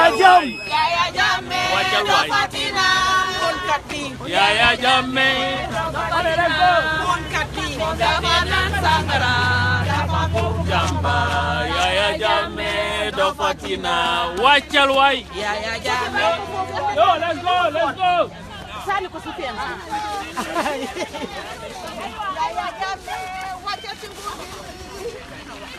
Dr. Jam. Yaya do Dr. Fatina. Munkati. Yaya Jamme. Dr. Fatina. Munkati. Zamanan Sangara. Jamba. Yaya Jamme. do Fatina. Wachal Wai. Yaya Jamme. Yo, let's go, let's go. Sali kusipenzi. Yaya Jamme. Wacha chungu.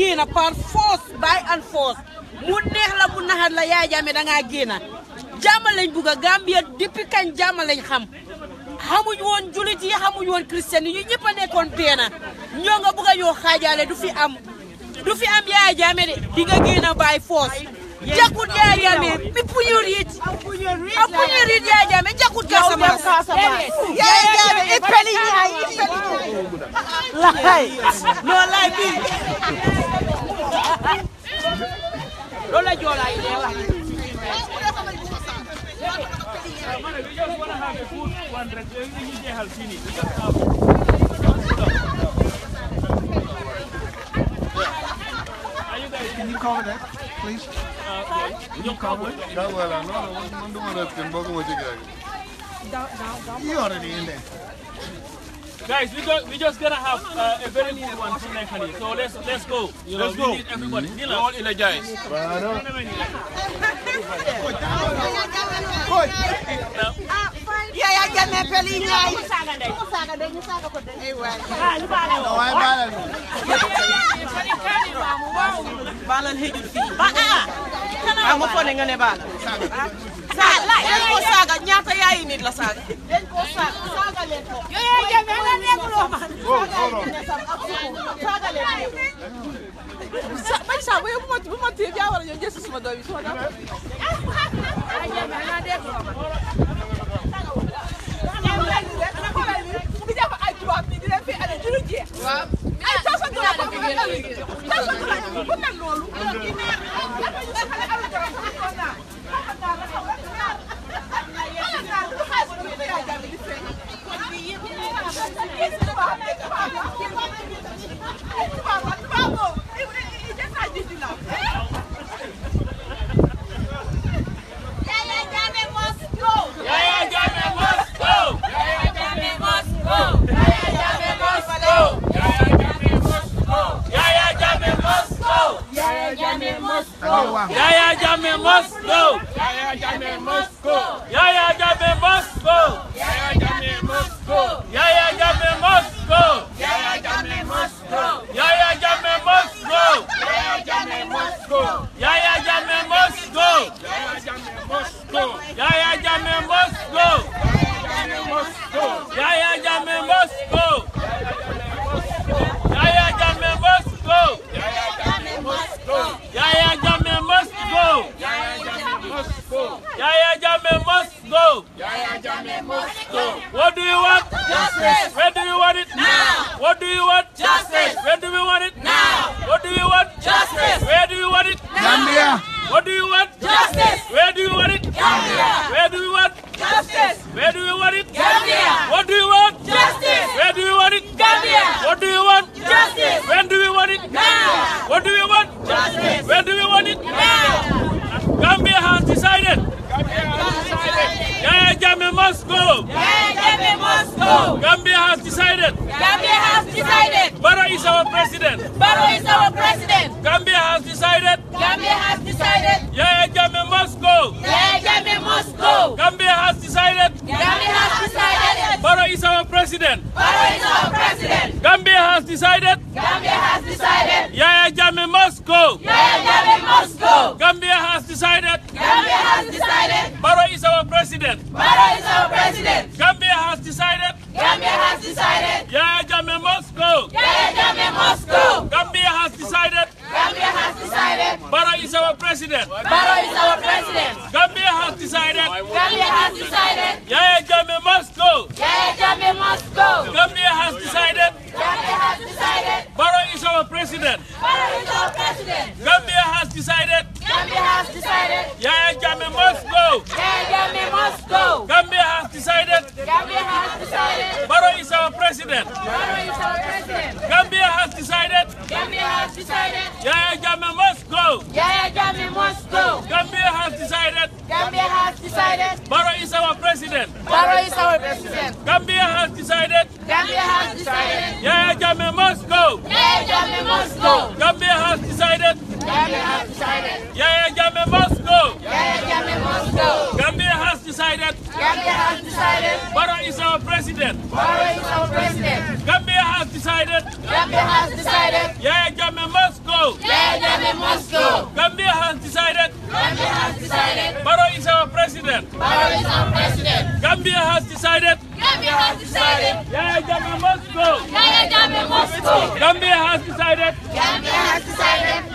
génn par force by and force mu neex la mu naxat la yaay jaame da ngaa génn lañ bugg a Gambia depuis kañ jàmm lañ xam xamuñ julit yi xamuñ christian yi ñu ñëpp a nekkoon ñoo nga bugg ñoo xaajaale du fi am du fi am yaay jaame de di nga génn by force. jakut yaa jaame bi puñur a puñur yit yaa jaame jakut Casamance yaa jaame i peli i peli ñaay laay no bi You Are You already in there. Guys, we go, we're just gonna have uh, a very good one from So let's let's go. You know, let's go. We need everybody. All energized. Yeah, yeah, get me peli nyai. Balan hejul balan. sa laaj dañ ko saaga ñaata yaayi nit la saaga. dañ ko saaga saaga leen ko. yooyu yëpp da nga nekkuloo ma. saaga leen ko. sa bañ saa bu yee bu ma bu ma téye yaa war a ñëw jël si suma doom yi suma doom. Thank you. do you want? Justice. Where do you want it? Gambia. Where do you want? Justice. Where do you want it? Gambia. What do you want? Justice. Where do you want it? Gambia. What do you want? Justice. When do you want it? Now. What do you want? Justice. When do you want it? Now. Gambia has decided. Gambia has decided. Yeah, Jammeh must go. Yeah, Jammeh must go. Gambia has decided. Gambia has decided. Barrow is our president. Barrow is our president. Gambia has decided. Gambia has decided. decided. Gambia has decided. Yaya Jammeh must go. Yaya must go. Gambia has decided. Gambia has decided. is our president. Barrow is our president. Gambia has decided. Gambia has decided. Yaya Jammeh must go. Yaya Jammeh must go. Gambia has decided. Gambia has decided. Baro is our president. is our president. Gambia has decided. Gambia has decided. Yaya must go. Yaya must go. Gambia has decided president. Honorable president. Gambia has decided. Gambia has decided. Yaya Jammeh must go. Yaya Jammeh must go. Gambia has decided. Barrow is our president. Barrow is our president. Gambia has decided. Gambia has decided. Yaya Jammeh must go. Yaya Jammeh must go. Gambia has decided. Gambia has decided. Barrow is our president. Barrow is our president. Gambia has decided. Gambia has decided. Yaya Jammeh must go. Yaya Jammeh must go. Gambia has decided. Gambia has decided. Yaya Jammeh must go. Yaya Jammeh must go. Gambia has decided. Gambia has decided is our president? Buhari is our president. Gambia has decided. Gambia has decided. Yeah, Gambia must go. Yeah, Gambia must go. Gambia has decided. Gambia has decided. Barrow is our president. Barrow is our president. Gambia has decided. Gambia has decided. Yeah, Gambia must go. Yeah, Gambia must go. Gambia has decided. Gambia has decided.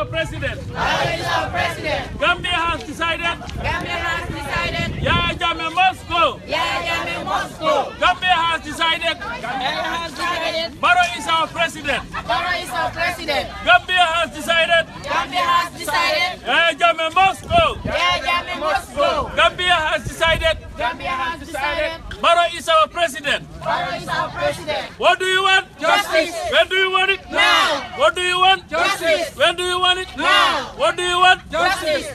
our president. That is our president. Gambia has decided. Gambia has decided. Yeah, Jame must go. Yeah, Jame must go. Gambia has decided. Gambia has decided. Baro is our president. Baro is our president. Gambia has decided. Gambia has decided. Yeah, Jame must go. Yeah, Jame must go. Gambia has decided. Gambia has decided. Baro is our president. Baro is our president. What do you want? Justice. When do you want it? Now. What do you want? Justice. When do you want it? Now. What do you want? Justice.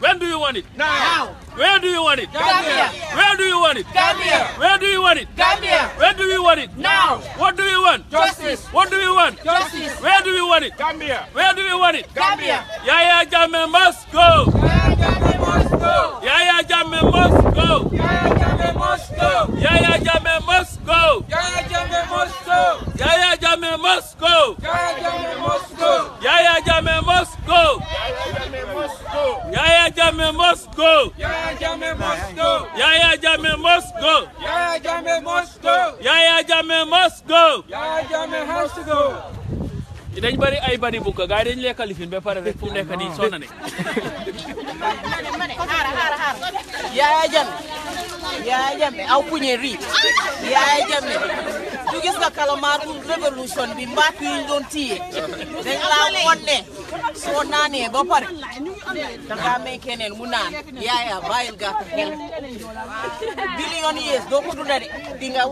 When do you want it? Now. Where do you want it? Gambia. Where do you want it? Gambia. Where do you want it? Gambia. Where do you want it? Now. What do you want? Justice. What do you want? Justice. Where do you want it? Gambia. Where do you want it? Gambia. Yaya Jammeh must go. Gambia must go. Yahya Jammeh must go. Yahya Jammeh must go. Yahya Jammeh must go. Yahya Jammeh must go. Yahya Jammeh must go. Yahya Jammeh must go. Yahya Jammeh must go. Yahya Jammeh must go. Yahya Jammeh must go. Yahya Jammeh must go. Yahya Jammeh must go. Yahya Jammeh must go. Yahya Jammeh has to go. dañ bëri ay bari bu ko gars yi dañu lekkal ba pare rek fu mu nekk nii sonn nañ. Yaya Jammeh Yaya Jammeh aw puñe rii Yaya Jammeh du gis nga kalamaar bu révolution bi mbaat yi ñu doon tiye laa won ne soo naanee ba pare dangaa may keneen mu naan yaaya bàyyil gàtt xel billion years doo ko dunda de di nga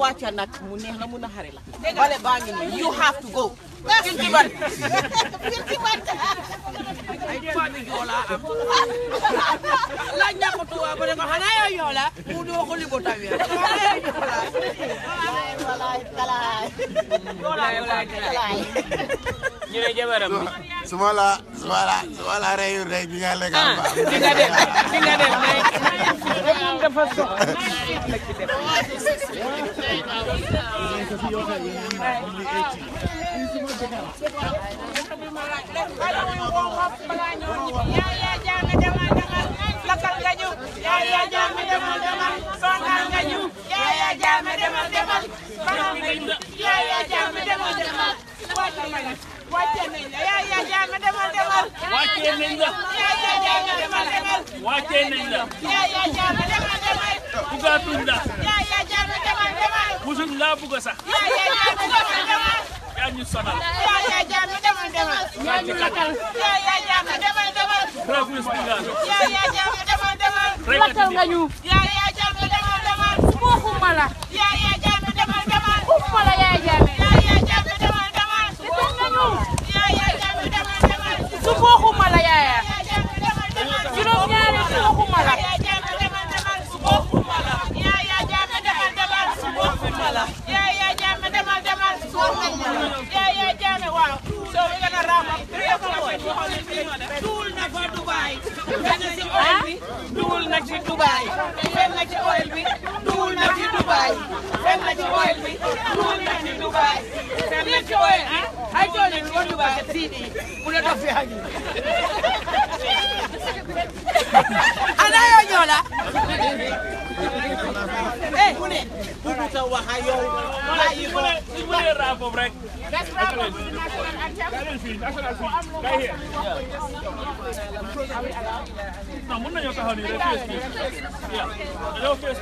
mu neex la mu naxari la bale baa ngi nii you have to go Birkiman. Birkiman. Ay tuwa ni yola am. La nyako tuwa bere ko hana ya yola. Mudu ko libo tawi. Yola. Yola kala. Yola yola kala. Ñu ne jabaram bi. Suma la suma la suma la reyu rek bi nga lekk am ba. Di nga dem di nga dem nay. Moom dafa sox. Nay ci def. Bugatunda. Ya ya jamme demal demal. Musul la buga sax. Ya ya jamme demal demal. yaa ñu sonal. yaaya jàmm demal demal. yaaya jàmm demal demal. la. yaaya nga ñu. yaaya jàmm demal demal. moo xumma la. yaaya jàmm demal demal. xumma la yaaya jàmm. yow la eh mu ne bu dul sa wax ak yow bàyyi ko foofu rek non mën nañoo taxaw nii rek fees bi yow fees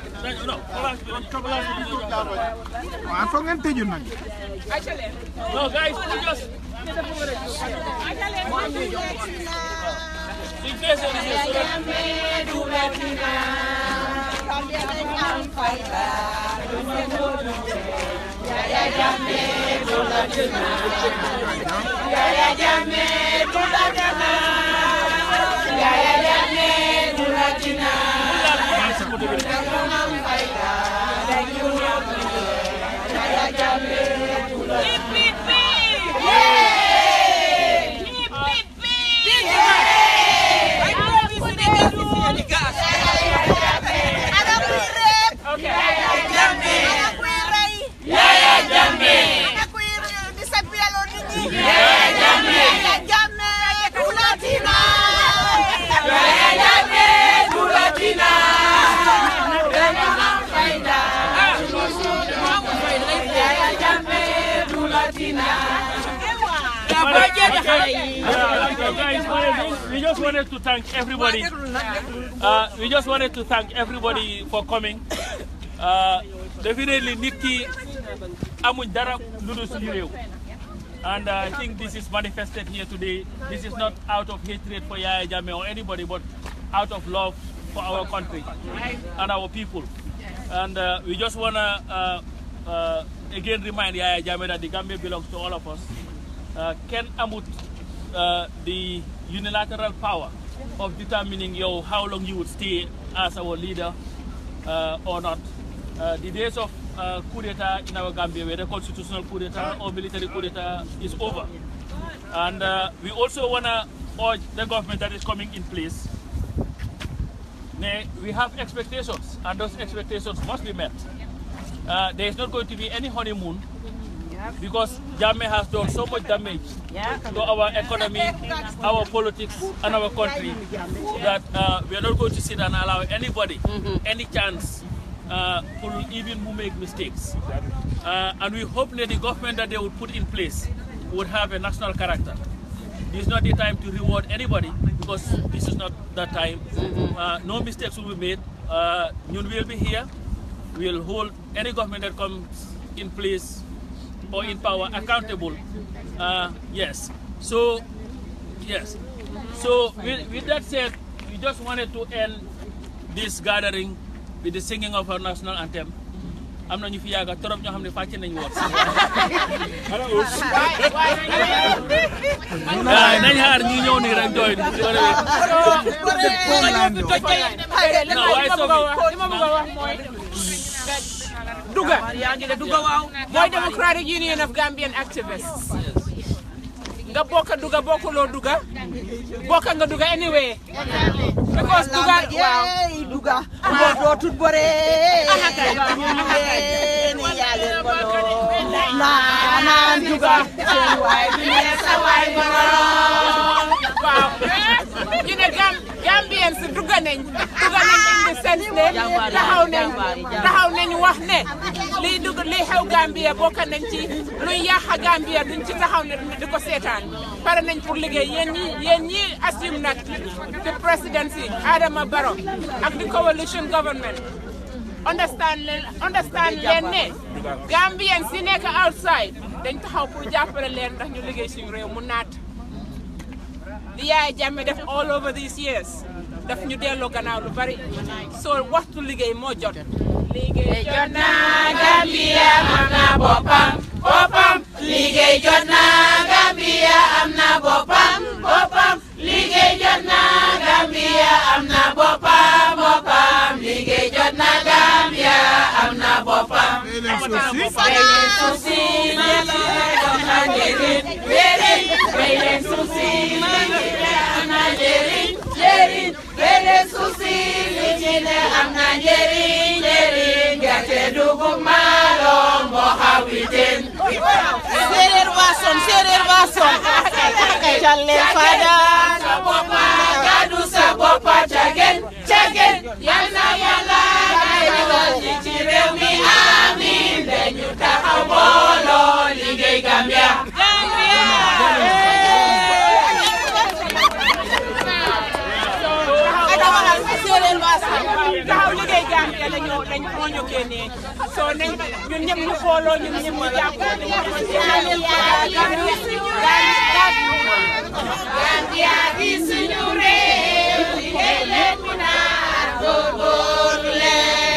non place bi place bi waaw foog ngeen tëju nag non gars yi Jaya Jame Dula Jana wanted to thank everybody. Uh, we just wanted to thank everybody for coming. Uh, definitely, Nikki, amundara dara And uh, I think this is manifested here today. This is not out of hatred for Yaya Jame or anybody, but out of love for our country and our people. And uh, we just want to uh, uh, again remind Yaya Jame that the Gambia belongs to all of us. Uh, Ken Amut, uh, the unilateral power of determining yo, how long you would stay as our leader uh, or not. Uh, the days of uh, coup d'etat in our Gambia, whether constitutional coup d'etat or military coup d'etat, is over. And uh, we also want to urge the government that is coming in place. We have expectations, and those expectations must be met. Uh, there is not going to be any honeymoon because Yemen has done so much damage to our economy, our politics, and our country that uh, we are not going to sit and allow anybody mm-hmm. any chance uh, even who make mistakes. Uh, and we hope that the government that they would put in place would have a national character. This is not the time to reward anybody because this is not that time. Mm-hmm. Uh, no mistakes will be made. Uh, will be here. We will hold any government that comes in place or in power accountable. Uh, yes. So, yes. So, with, with that said, we just wanted to end this gathering with the singing of our national anthem. am na ñu fi yàgg trop ñoo xam ñëw nii Duga Duga waaw mooy Democratic Union of Gambian Activists nga bokk Duga bokkuloo Duga bokk nga Duga anyway because Duga waaw Duga moo dootul bëre naan Duga seen waay bi waay borom waaw Gambien si dugg nañ dugg nañ indi the ne taxaw nañ taxaw nañ wax ne liy dugg liy xew the bokk nañ ci luy yàq Gambie duñ ci taxaw ne di ko seetaan pare nañ pour liggéey yéen ñi yéen ñi assume nag the presidency Adama Barrow ak the coalition government understand leen understand leen ne Gambien si nekk outside dañ taxaw pour jàppale leen ndax ñu liggéey suñu réew mu naat li yaay jàmme def all over these years daf ñu delloo gannaaw lu bari so waxtu liggéey moo jot. liggéey jot naa Gambia am na boppam boppam. liggéey jot naa Gambia am na boppam boppam. liggéey jot naa Gambia am na boppam boppam liggéey jot Nigeria am na boppam. Belen susi Nigeria am na jerin. Jerin. Belen susi Nigeria am na jerin. Jerin. Belen susi Nigeria Serer wasom, serer wasom. Challe réew mi amiin dañu taxaw booloo liggéey Gambia. taxaw liggéey Gambia lañu lañu moo ñu génnee soo nañ ñun ñëpp ñu booloo ñun ñëpp ñu jàppoo Gambia di suñu réew liggéey leen mu naan góorgóorlu leen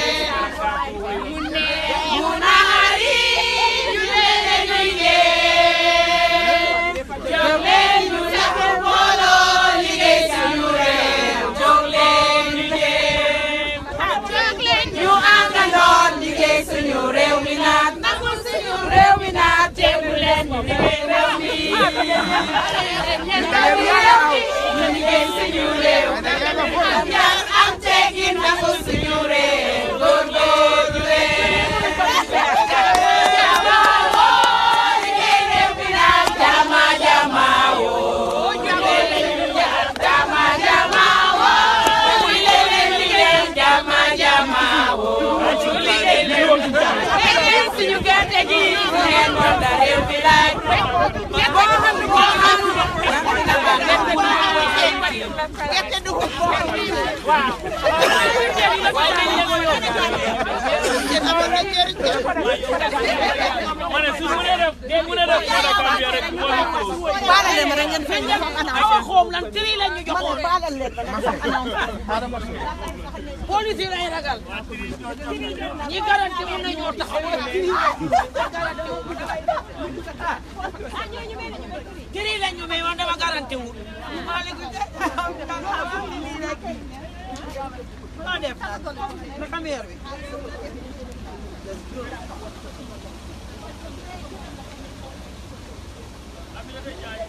leen liggéey réew mi ndaw yaw ñu liggéey suñu réew am yar am teggin nangul suñu réew gerte dugub waaw. ma ne su mu ne def day mu ne def caravane rek moo ñu baalal leen ma rek ngeen fay ñu fam annonce. awa xoom lan tri la ñu joxoon. baalal leen ma rek fam annonce. police yi lay ragal. ñi garanti mën nañoo taxaw. gëri la ñu may man dama garanti wu maaleykum salaam noo def naka meer bi Thank you.